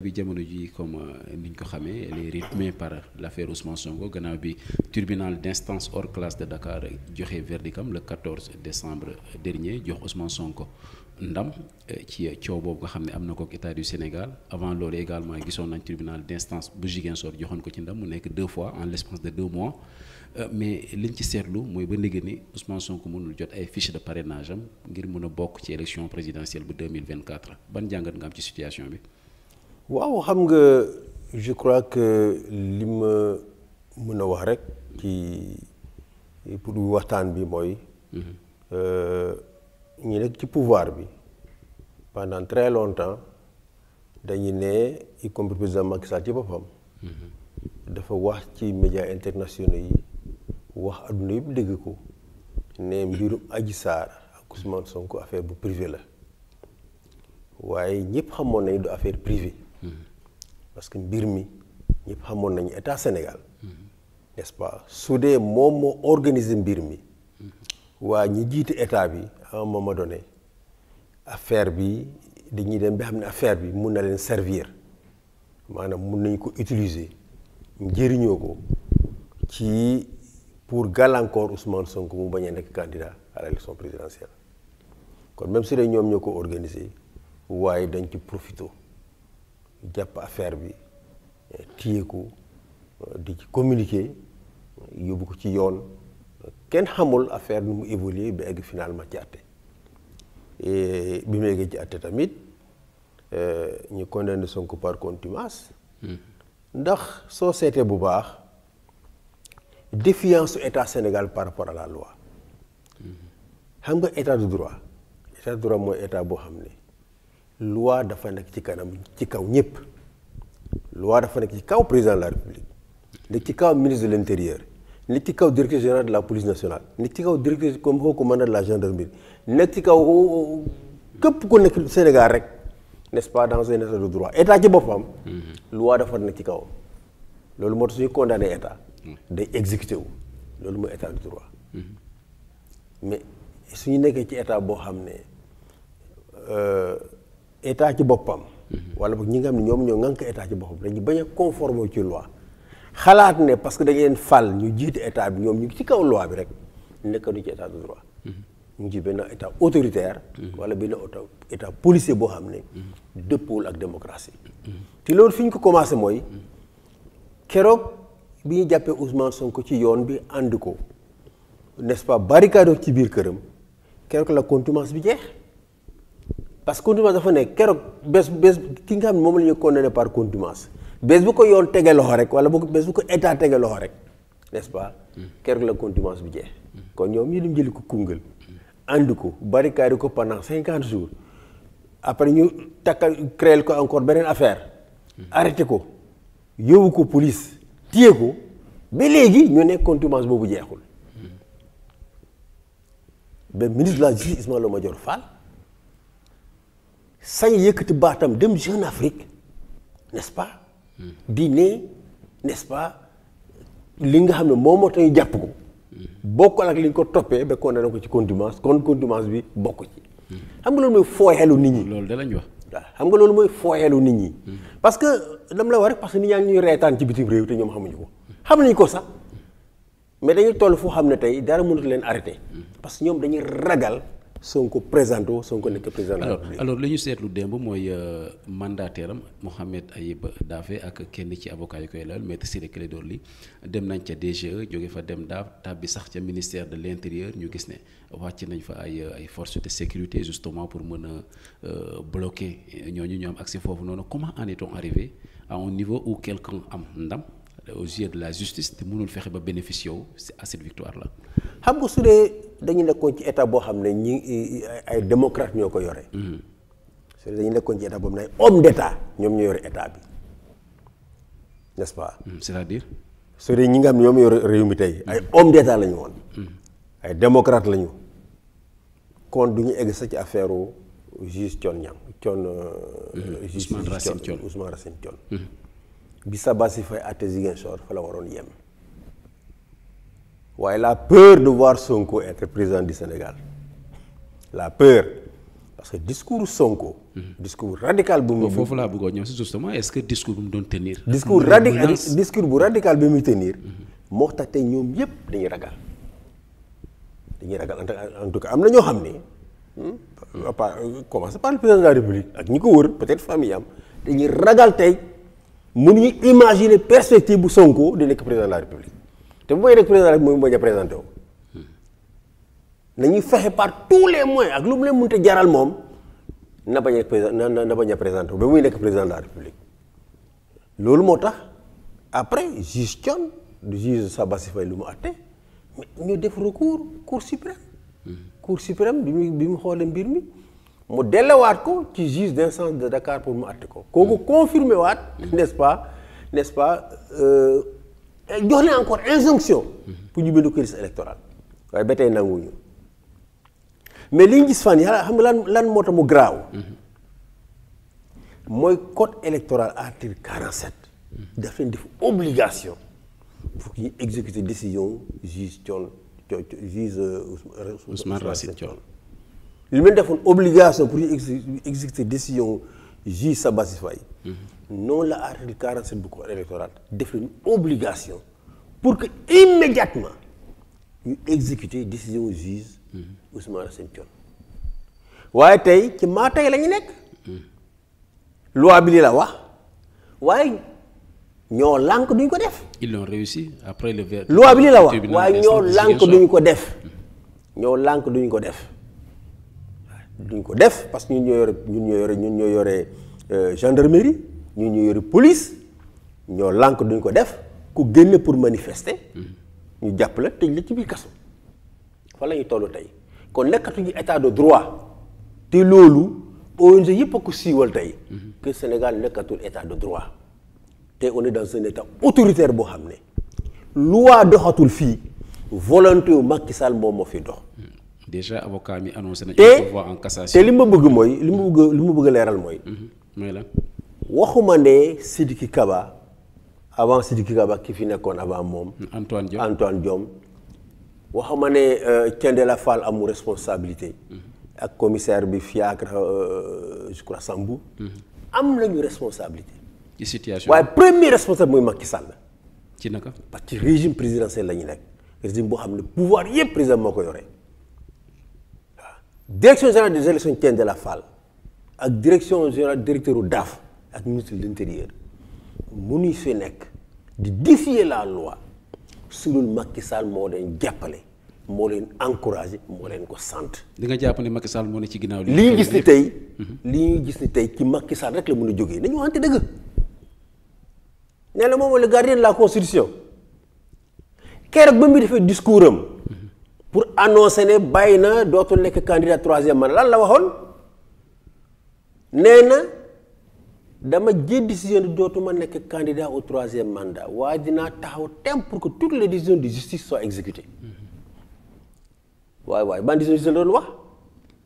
bi jamono ji comme euh, niñ ko xamee elle est rythmée par l'affaire Ousmane Sonko gannaaw bi tribunal d'instance hors classe de Dakar joxe verdictam le 14 décembre dernier jox Ousmane Sonko ndam euh, ci coow boobu nga xam ne am na ko état du Sénégal avant loolu également gisoon nañ tribunal d'instance bu Ziguinchor joxoon ko ci ndam mu nekk deux fois en l'espace de deux mois euh, mais liñ ci seetlu mooy ba ndigg ni Ousmane Sonko mënul jot ay fiche de parrainage am ngir mën a bokk ci élection présidentielle bu 2024 ban jàngat nga am ci bi waaw xam nga je crois que li ma mën a wax rek ci pour waxtaan bi mooy. Mhm. Euh, ñu nekk ci pouvoir bi pendant très longtemps dañu ne y compris président Macky Sall ci boppam. Mhm. dafa wax ci médias internationaux yi wax adduna yëpp dégg ko ne mbirum Adji Sarr ak Ousmane Sonko affaire bu privé la waaye ñëpp xamoon nañu du affaire privée. parce que mbir mi ñëpp xamoon nañu état Sénégal n'est-ce pas su dee moom moo organiser mbir mi waa ñi jiite état bi à un moment donné affaire bi dañuy dem ba xam ne affaire bi mun na leen servir maanaam mun nañ ko utiliser njëriñoo ko ci pour gàllankoor Ousmane Sonko mu bañ a nekk candidat à l'élection présidentielle kon même su ñoom ñoo ko organiser waaye dañ ci profito jàpp affaire bi téye ko di ci communiqué yóbbu ko ci yoon kenn xamul affaire nu mu évoluer ba egg finalement ci àtte bi mu eggee ci àtte tamit euh, ñu condamné Sonko par contumace hmm. ndax soo seetee bu baax défiance su état Sénégal par rapport à la loi hmm. xam nga état de droit état de droit mooy état boo xam ne loi dafa nekk ci kanam ci kaw ñëpp loi dafa nekk ci kaw président de la république nekk ci kaw ministre de l' intérieur nekk ci kaw directeur général de la police nationale nekk ci kaw directeur comme haut commandant de la gendarmerie nekk ci kaw képp ku nekk Sénégal rek n'est-ce pas dans état de droit état ci boppam. Mhm. loi dafa nekk ci kaw loolu moo tax suñu condamné état. day exécuté wu loolu mooy état de droit. Mhm. mais suñu nekkee ci état boo xam ne. Euh, état ci boppam. wala boog ñi nga xam ne ñoom ñoo ŋànk état ci boppam dañu bañ a conformer ci loi xalaat ne parce que dañ leen fal ñu jiite état bi ñoom ñu ngi ci kaw loi bi rek nekkatu ci état de droit. ñu ngi ci benn état autoritaire. wala benn état policier boo xam ne. dëppoowul ak démocratie. te loolu fi ñu ko commencé mooy. keroog bi ñu jàppee Ousmane sonk ci yoon bi ànd ko n'est-ce pas barricade ci biir këram keroog la contumace bi jeex. parce que contumace dafa ne keroog bés bés ki nga xam ne moom la ñu condamné par contumace bés bu ko yoon tegee loxo rek wala bu bés bu ko état tegee loxo rek n'est-ce pas. keroog la contumace bi jeex. kon ñoom ñu dem jëli ko Koungheul. andi ko barricade ko pendant cinquante jours après ñu takkal créel ko encore beneen affaire. arrêté ko yóbbu ko police téye ko ba léegi ñu nekk contumace boobu jeexul. ba ministre de ma justice Ismaïla Madior Fall. sañ yëkkati baatam dem Jeune Afrique nest pa pas hmm. di ne nest li nga xam ne moom moo tax jàpp ko hmm. bokkal ak li ñu ko toppee ba condamné ko ci contimence kon contumace bi bokk ci hmm. xam nga loolu mooy fooyeelu nit ñi loolu da wax waaw xam nga loolu mooy fooyeelu nit ñi parce que dama la wax rek parce que nit ñaa ngi ñuy reetaan ci bitim réew te ñoom xamuñu ko xam nañu ko sax mais dañu toll foo xam ne tey dara mënut leen arrêté parce que ñoom dañuy ragal Sonko présenté woo Sonko nekk président. alors alors li ñu seetlu démb mooy euh, mandataire am ay Ayib Daffé ak kenn ci avocat yu koy lal maître Ciré Clédor Ly dem nañ ca DGE e, joge fa dem daaf tàbbi sax ca ministère de l' intérieur ñu gis ne wàcc nañ fa ay ay forces de sécurité justement pour mën a euh, bloquer ñooñu ñu am accès foofu noonu comment en est-on arrivé à un niveau où quelqu'un am ndam. aux yeux de la justice te mënul fexe ba bénéficier wu à cette victoire là. xam nga su dee dañu nekkoon ci état boo xam ne ñi ay démocrate ñoo ko yore. Hmm. su dee dañu nekkoon ci état boobu nag homme d' ñoom ñu yore état bi n' est ce pas. Hmm, c' est à dire. su dee ñi nga xam ñoom yore réew mi tey hmm. ay homme d' état la ñu woon. ay démocrate lañu kon du ñu egg sa ci affaire juge Thione Niang Thione. Euh, Ousmane Racine Thione Ousmane Racine Thione. bi Sabasy Faye àtte Ziguinchor fa la waroon yem waaye la peur de voir Sonko être di du Sénégal la peur parce que discours Sonko. Mhm. discours radical bu foofu laa bëggoon ñëw si justement est-ce que discours bu mu doon tenir. bu radical bi muy tenir. Mhm. moo tax tey ñoom yëpp dañuy ragal dañuy ragal en tout am na ñoo xam ne. Hmm, euh, commencé par le président de ak ñi ko wër peut-être famille am dañuy ragal tey. nu mënuñu imaginer perspective bu Sonko di nekk président de la république te bu may nekk président de la république mooy bañ fexe par tous les moyens ak lu mu leen mënta jaral moom na bañ a présen na bañ a présenté wu ba muy nekk président de la république loolu moo tax après juge Thion sa basi Faye lu mu àtte mais ñu def recours cour suprême. cour suprême bi mu bi mu xoolee mbir mi. mu dellewaat ko ci juge d'instance de Dakar pour mu àtte ko. kooku mm. confirmé waat. Mm. nest pas n'est-ce pas euh, jox leen encore injonction. Mm. pour ñu bind ko liste électorale. waaye ba tey nanguwuñu mais li ñu gis fan yàlla xam nga lan lan moo tax mu graaw mm-hmm. mooy code électoral article 47. daf leen def obligation. pour ñu exécuter décision juge Thion juge euh, Ousmane Racine Thion. li mu defoon obligation pour ñu exécuter décision J sa Faye mhm. noonu la article 47 bu code électoral def leen obligation pour que immédiatement ñu exécuter décision juge mhm. Ousmane Sène Thione waaye tey ci maa tey la ñu nekk mhm. loi bi li la wax waaye ñoo lànk duñ ko def. ils l'ont réussi après le verdict loi bi li la wax waaye ñoo lànk duñ ko def ñoo lànk duñ ko def. duñ ko def parce que ñun ñoo yore ñun ñoo yore ñun ñoo yore euh, gendarmerie ñun ñoo yore police ñoo lànk duñ ko def ku génne pour manifester. ñu jàpp la tëj la ci biir kaso. fa la ñu toll tey kon nekkatuñu état de droit te loolu ONG yëpp a ko siiwal tey. que Sénégal nekkatul état de droit. te on est dans un autoritaire boo xam ne. loi doxatul fii volonté wu Macky Sall moom moo fi dox. déjà avocat mi annoncé te li ma bëgg mooy li ma bëgg li ma bëgg leeral mooy. Mhm. mooy lan waxuma ne Sidiki Kaba avant Sidiki Kaba ki fi nekkoon avant moom. Antoine Diome Antoine Diome waxuma ne euh, Thiendella Fall amul responsabilité. Mhm. ak commissaire bi Fiacre euh, je crois Sambou. Mhm. am nañu responsabilité. ci situation waaye premier responsable mooy ki Sall. ci naka parce que régime présidentiel la ñu nekk régime boo xam ne pouvoir yëpp président moo ko yore. direction générale des élections Diène de la Fall ak direction générale directeur u DAF ak ministre de l'intérieur mënuñ fi nekk di défier la loi su dul Macky Sall moo leen jàppale moo leen encouragé moo leen ko sant. li nga jàpp ne Macky Sall moo ne ci ginnaaw li ñu gis ni tey mm-hmm. li ñu gis ni tey ci makki Sall rek la mën a jógee nañu waxante dëgg nee na moom le gardien la constitution keroog ba mu defee discours am. pour annoncer ne bàyyi na dootul nekk candidat troisième mandat lan la waxoon nee na dama jël décision di dootuma nekk candidat au troisième mandat waaye dinaa taxaw tem pour que toutes les décisions de justice soient exécutées waaye mm-hmm. waaye ban décision justice la doon wax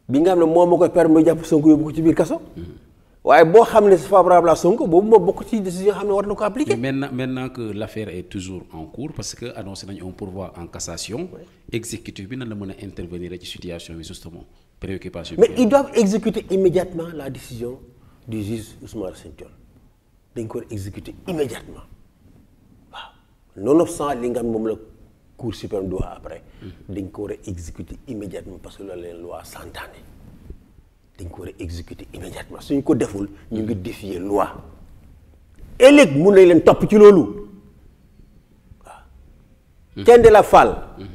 bi nga xam ne moom ma koy permettre mu jàpp Sonko yóbbu ko ci biir kaso mm-hmm. waaye boo xam ne c'est favorable à Sonko boobu moo bokk ci décision xam ne war na ko appliquer. maintenant maintenant que l'affaire est toujours en cours parce que annoncé nañu un pourvoi en cassation. Oui. exécutif bi na la mën a intervenir ci situation bi justement préoccupation. mais ils doivent exécuter immédiatement la décision du juge Ousmane Sène Dione dañ ko war exécuter immédiatement waaw nonobstant moom la Cour suprême doit après. Mm-hmm. dañ ko war a exécuter immédiatement parce que loolu la loi santaane. dañ ko war a exécuter immédiatement suñ ko deful ñu ngi défier loi ëllëg mun nañ leen topp ci loolu waaw kenn de la faal hmm.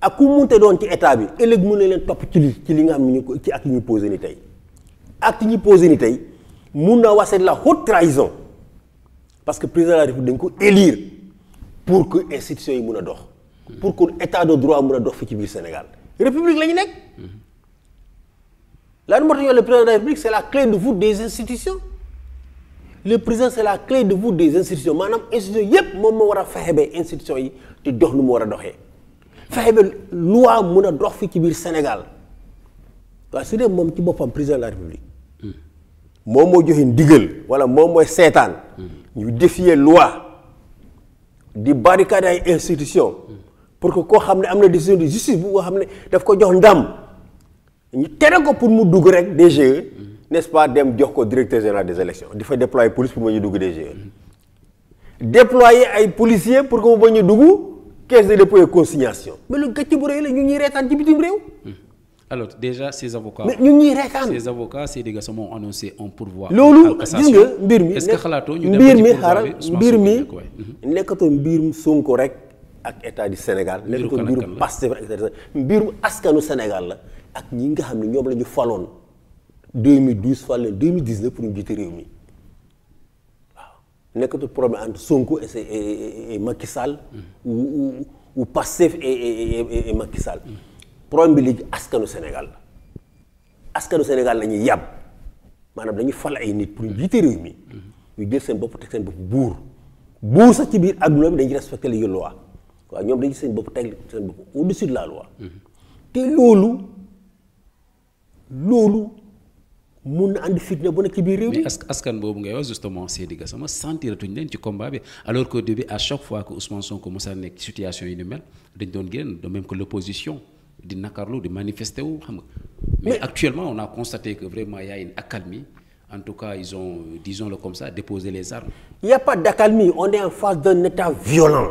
ak ku munte doon ci état bi ëllëg mun nañ leen topp ci li ci li nga xam ne ñu ko ci acte ñu posé ni tey acte ñu posé ni tey mun na wase la haute trahison parce que président de République dañ ko élire pour que institution yi mun a dox hmm. pour que état de droit mun a dox fi ci biir Sénégal république la nekk hmm. l'administration le président de la République c'est la clé de voûte des institutions le président c'est la clé de voûte des institutions maanaam institution yépp moom moo war a faxe ba institution yi di dox nu mu war a doxee fexe ba loi mun a dox fii ci biir Sénégal waaye su dee moom ci boppam président la République moom moo joxe ndigal wala moom mooy seetaan ñu défier loi di barricade ay institution pour que koo xam ne am na décision de justice xam ne daf ko jox ndam ñu tere ko pour mu dugg rek DGE mm-hmm. n'est-ce pas dem jox ko directeur général des élections di fa déployer police pour mu ñu dugg DGE déployer ay policiers pour que mu ba ñu dugg caisse de dépôt et consignation mais lu la réew. Mm-hmm. alors déjà ces avocats. mais ñu ñuy reetaan ces loolu mbir mi est-ce que mbir mi xaaral mbir mu mm-hmm. nekkatul mbirum rek ak état du Sénégal. nekkatul mbirum Pastef ak état du Sénégal mbirum askanu Sénégal la. ak ñi nga xam ne ñoom la ñu faloon 2012 fal leen 2019 pour ñu jiite réew mi waaw nekkatul problème entre Sonko et et et Macky Sall. ou ou Pastef et et et Macky Sall. problème bi léegi askanu Sénégal la askanu Sénégal la yàpp yàbb maanaam dañuy fal ay nit pour ñu jiite réew mi. ñu jël seen bopp teg seen bopp buur buur sax ci biir adduna bi dañuy respecté les lois waaw ñoom dañuy seen bopp teg seen bopp au-dessus de la loi. Mm-hmm. te loolu. loolu mun na andi fitna bu nekk ci biir réew mi. mais askan boobu ngay wax justement Seydi Gassama sentiratuñ leen ci combat bi alors qu'au début à chaque fois que Ousmane Sonko mos a nekk ci situation yi ni mel dañ doon génn de même que l'opposition di nakarlu di manifester wu xam nga. mais actuellement on a constaté que vraiment y a une accalmie en tout cas ils ont disons-le comme ça déposé les armes. il y a pas d'accalmie on est en face d'un état violent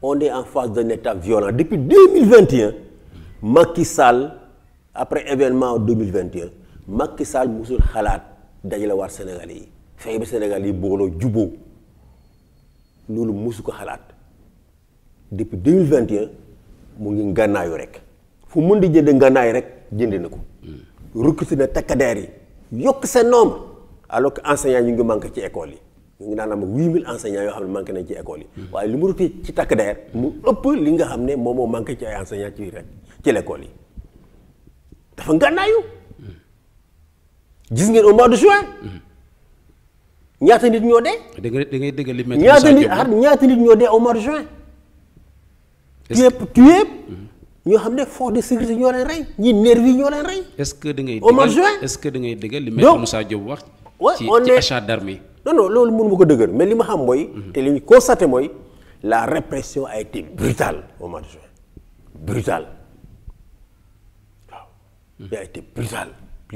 on est en face d'un état violent depuis 2021 Macky Sall. après événement 2021 Macky Sall musul xalaat dajale waat Sénégal yi fexe ba Sénégal yi booloo juboo loolu musu ko xalaat depuis 2021 mu ngi ngànnaayu rek fu mun di jënd ngànnaay rek jënd na ko hmm. recruté na takkadeer yi yokk seen nombre alors que enseignants ñu ngi manqué ci école yi ñu ngi naan am 8000 enseignants yoo xam ne manqué nañ ci école yi hmm. waaye lu mu recruté ci takkadeer mu ëpp li nga xam ne moom moo manqué ci ay ci rek ci l'école yi dafa ngànnaayu gis ngeen au mois de juin ñaata nit ñoo de da da ngay dégg li métti ñaata nit ñaata nit ñoo dee au mois de juin. tué ñoo xam ne force de sécurité ñoo leen rey ñi nervi yi ñoo leen rey. est-ce que da ngay. au mois de juin da ngay dégg li métti Moussa Diop wax. ci ci achat d'armes non non loolu mënu ma ko dëgër mais li ma xam mooy. Mhm. te li ñu constaté mooy la répression ay été brutale au mois de juin brutale. qui a été Plus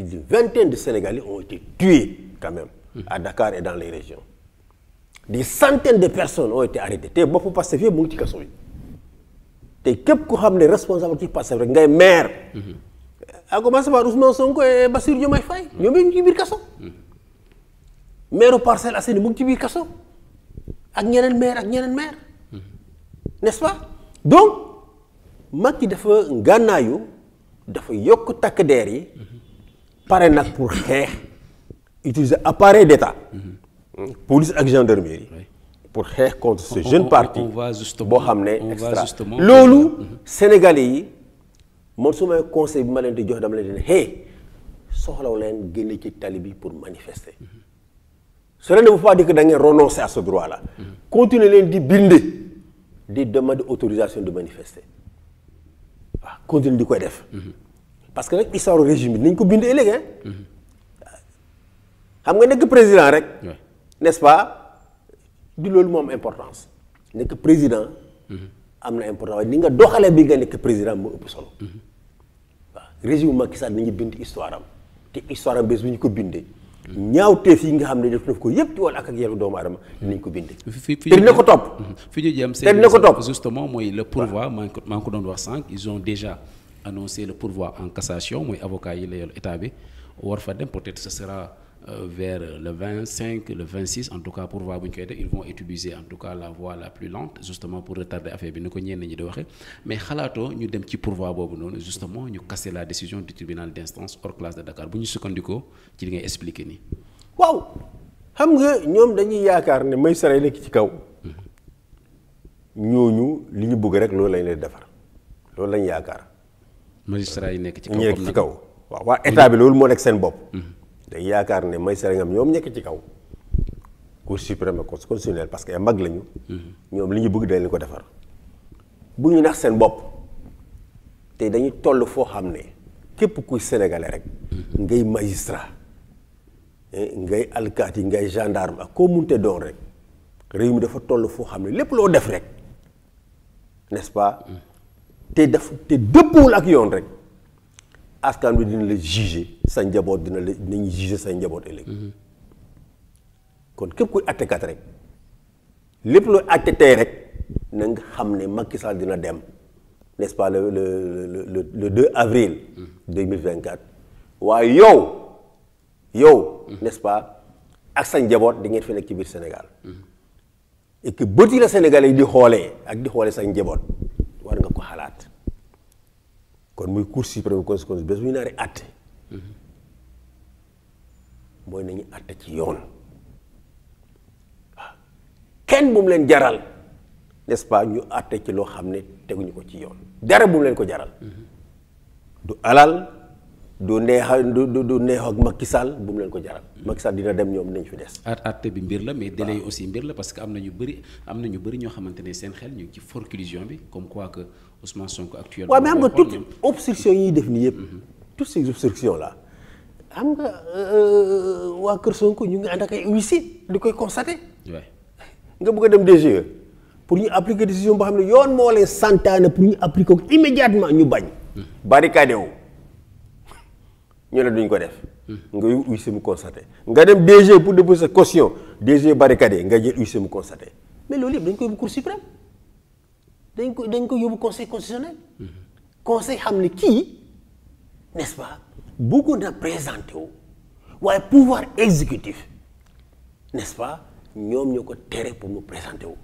d'une vingtaine de Sénégalais ont été tués quand même à Dakar et dans les régions. Des centaines de personnes ont été arrêtées te boppu Pastef yëpp mu ngi ci kaso bi te képp ku xam ne responsable ci Pastef rek ngay maire. à commencer par Ousmane Sonko et Bassirou Diomaye Faye. ñoom ñu ngi ci biir kaso. Mhm. maire Parcelles Assainies mu ngi ci biir kaso ak ñeneen maire ak ñeneen maire. Mhm. n'est-ce donc Macky dafa ngànnaayu. dafa yokk takk deer yi pare nag pour xeex utiliser appareil d'État police ak gendarmerie pour xeex contre ce jeune parti boo xam ne extra loolu sénégalais yi man su conseil bi ma leen di jox dama leen di soxlaw leen génne ci tali bi pour manifester cela ne veut pas dire que da ngeen renoncer à ce droit là mm-hmm. continuer leen di bind di demander autorisation de manifester waaw continue di koy def. parce que nag histoire régime bi nañ ko bindee ëllëg xam nga nekk président rek. n'est-ce pas du loolu moom importance. nekk président. am na important waaye ni nga doxalee bi nga nekk président moo ëpp solo. Mhm. waaw régime Macky ni nañu bind histoire am te histoire am bés ñu ko bindee. ñaaw ñaawteef yi nga xam ne def na ko yëpp ci wàllu ak ak yelu doomu aadama dinañ ko bind mhm. te dina ko topp fi ñu jëm te ko topp justement mooy le pourvoi maa ngi ko doon wax sànq ils ont déjà annoncé le pourvoi en cassation mooy avocat yi la yor état bi war fa dem peut-être ce sera Euh, vers le 25 le 26 en tout cas pour voir bu ñu koy def ils vont utiliser en tout cas la voie la plus lente justement pour retarder affaire bi ni ko ñenn ñi di waxee mais xalaatoo ñu dem ci pourvoi boobu noonu justement ñu casser la décision du tribunal d'instance hors classe de Dakar bu ñu sukkandikoo ci li ngay expliquer nii. waaw xam nga ñoom dañuy yaakaar ne may saray nekk ci kaw ñooñu li ñu bugg rek loolu lañ leen defar loolu lañ yaakaar. magistrat yi nekk ci kaw kaw. waaw waa état loolu moo nekk seen bopp. Mm-hmm. day yaakaar ne may sarangam ñoom nekk ci kaw cour suprême constitutionnel parce que ay mag lañu. Mm-hmm. ñoom li ñu bugg dañ ko defar. bu ñu nax seen bopp te dañu toll foo xam ne képp kuy sénégalais rek. Mm-hmm. ngay magistrat eh, ngay alkaati ngay gendarme ak koo munte doon rek réew mi dafa toll foo xam ne lépp loo def rek n'est-ce pas. Mm. te daf te dëppul ak yoon rek askan bi dina la juger. sa njaboot dina la dinañ juger sa njaboot ëllëg kon képp kuy attekat rek lépp looy atte tey rek na nga xam ne makki Sall dina dem n'est-ce pas le le le le le 2 avril. waaye yow yow. n'est-ce pas ak sa njaboot di ngeen fi ci biir Sénégal. et que bëti la Sénégal di xoolee ak di xoolee sa njaboot war nga ko xalaat kon muy Cour suprême constitutionnelle bés bu ñu naaree àtte mooy nañu àtte ci yoon waaw kenn bu mu leen jaral n'est-ce pas ñu àtte ci loo xam ne teguñu ko ci yoon dara bu mu leen ko jaral du alal du neexa du du neex ak Macky Sall bu mu leen ko jaral. Macky Sall dina dem ñoom nañ fi des. àtte bi mbir la mais délai yi aussi mbir la parce que am na ñu bëri am na ñu bëri ñoo xamante ne seen xel ñu ngi ci forclusion bi comme quoi que Ousmane Sonko actuellement. waaw mais am nga toute obstruction yi def nii yëpp. Mhm. toutes ces obstructions là xam nga euh, waa Kër ko ñu ngi ànd ak ay huissiers di koy constater. nga bëgg a dem DGE pour ñu appliquer décision boo xam ne yoon moo leen santaane pour ñu appliquer ko immédiatement ñu bañ. barricade wu ñu ne duñ ko def. Hmm. nga yóbbu huissier mu constater nga dem DGE pour déposer sa caution DGE nga jël huissier mu constater mais loolu yëpp dañ ko yóbbu cour suprême dañ ko dañ ko yóbbu conseil constitutionnel. Hmm. conseil xam ne kii. n'est-ce pas bëggoon na présenté wu waaye pouvoir exécutif n'est-ce pas ñoom ñoo ko tere pour mu présenté wu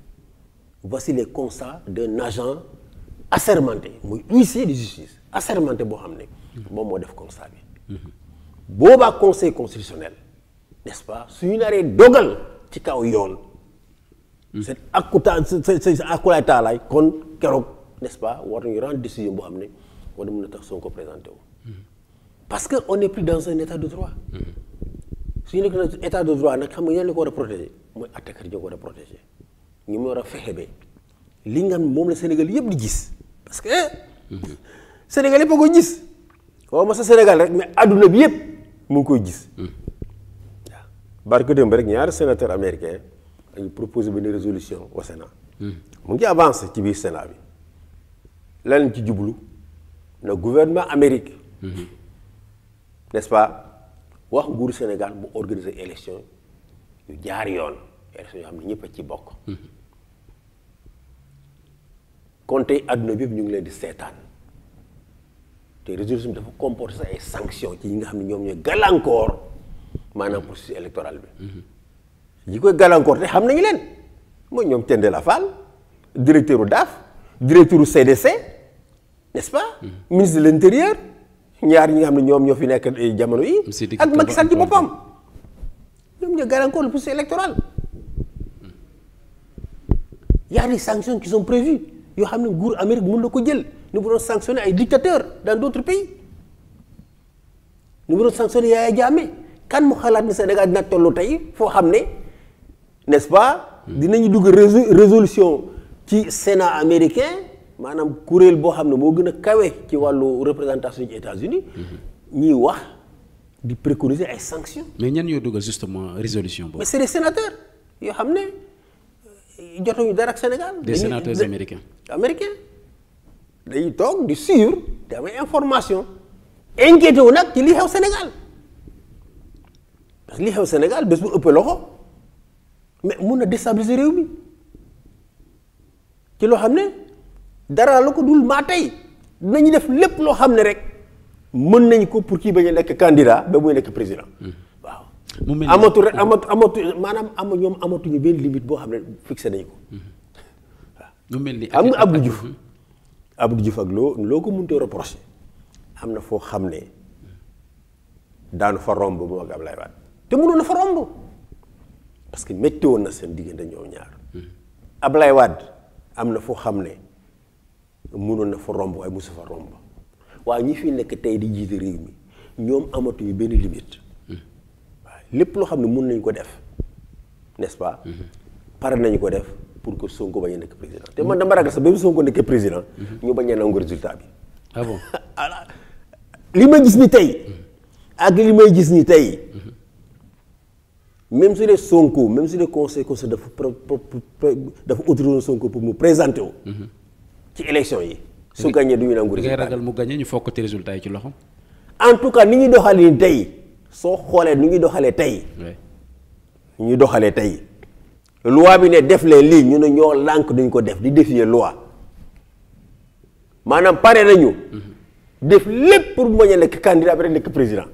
voici les constats de agent assermenté muy huissier de justice assermenté boo xam ne moom moo def constat bi boobaa conseil constitutionnel n'est-ce pas ñu naree dogal ci kaw yoon c'est akkuta c'est akkulaay taalaay kon keroog n'est-ce pas war nañu rendre décision boo xam ne war na mën a tax Sonko présenté wu parce que on n'est plus dans un état de droit. Mm-hmm. su ñu nekk nag état de droit na xam nga ñooñu la ko war a protéger mooy attaquer ñoo ko war a protéger ñu mu war a fexe ba li nga moom la Sénégal yëpp di gis parce que. Mm-hmm. Sénégal yëpp a koy gis. waaw ma sa Sénégal rek mais adduna bi yëpp mu ko koy gis. Mm-hmm. waaw barke démb rek ñaari sénateur américain dañu proposé benn résolution au Sénat. mu ngi avancé ci biir Sénat bi. lan ci jublu na gouvernement Amérique. n'est-ce pas wax nguuru Sénégal bu organiser élection yu jaar yoon élection yoo xam ne ñëpp a ci bokk. kon tey àdduna bi ñu ngi leen di seetaan te résolution dafa comporter ay sanctions ci ñi nga xam ne ñoom ñooy gàllankoor maanaam processus électoral bi. ñi koy gàllankoor te xam nañu mooy ñoom Tendé La Fall directeur u DAF directeur u CDC n'est-ce pas. Mm-hmm. ministre de l'intérieur. ñaar ñi nga xam ne ñoom ñoo fi nekk jamono yi. ak Macky Sall ci boppam. ñoom ñoo gàllankoor le processus électoral. y a des sanctions qui sont yoo xam ne nguur Amérique mën na ko jël ñu doon sanctionner ay dictateurs dans d' autres pays. ñu doon sanctionner Yaya Jammeh kan mu xalaat ne Sénégal dina tollu tey foo xam ne n' est ce pas. Hmm. dinañu dugg résolution ci Sénat américain. maanaam kuréel boo xam ne moo gën a kawe ci wàllu représentation ci États-Unis mhm. ñiy wax di préconiser ay sanctions. mais ñan ñoo dugal justement résolution boobu. mais c'est des sénateurs yoo xam ne euh, jotuñu dara ak Sénégal. des sénateurs américains. américain dañuy toog di suivre di am information inquiété wu nag ci lii xew Sénégal parce que xew Sénégal bés bu ëpp loxo mais mun na déstabiliser réew mi ci loo xam ne. dara la ko dul maa tey dinañu def lépp loo xam ne rek mën nañ ko pour kii bañ a nekk candidat ba muy nekk président waaw amatu rek amatu amatu maanaam ama ñoom amatuñu benn limite boo xam ne fixé nañ ko waaw xam nga Abdou Diouf Abdou Diouf ak loo loo ko mënutee am na foo xam ne daanu fa romb moom ak Ablaye Wade te mënoon na fa romb parce que métti woon na seen diggante ñoom ñaar hmm. Ablaye Wade am na foo xam ne mënoon na fa romb waaye mosu fa romb waaye ñi fi nekk tey di jiite réew mi ñoom amatuñu benn limite waaw lépp loo xam ne mun nañ ko def n'est-ce pas mm-hmm. pare nañu ko def pour que Sonko bañ a nekk président te man dama ragal sax même Sonko nekkee président mm-hmm. ñu bañ a nangu résultat bi ah li may gis ni tey mm-hmm. ak li may gis ni tey même su dee Sonko même su ne conseil conseil dafa dafa autorisé Sonko pour mu présenter wu ci élection yi. su gagné du ñu nangu résultat ngay ragal mu gagné ñu fokkati résultat yi ci loxo. en tout cas ni ñu doxalee ni tey soo xoolee ni ñu doxalee tey. ñu doxalee tey. loi bi ne def leen lii ñu ne ñoo lànk duñ ko def di défier loi maanaam pare nañu. Mhm. def lépp pour moo bañ a nekk candidat bi rek nekk président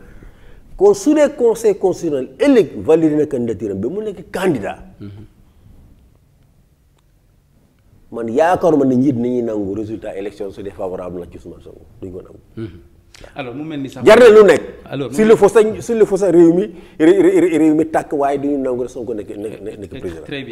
kon su dee conseil constitutionnel ëllëg valide na candidature am ba mu nekk candidat. Mhm. man yaakaaruma ne njiit nañuy nangu résultat élection su défavorable la ci Ousmane Sonko duñ ko mhm. ni sax. jar na lu nekk. alors s'il le faut sax s'il le réew mi réew mi tàkk waaye duñu nangu rek Sonko nekk nekk président.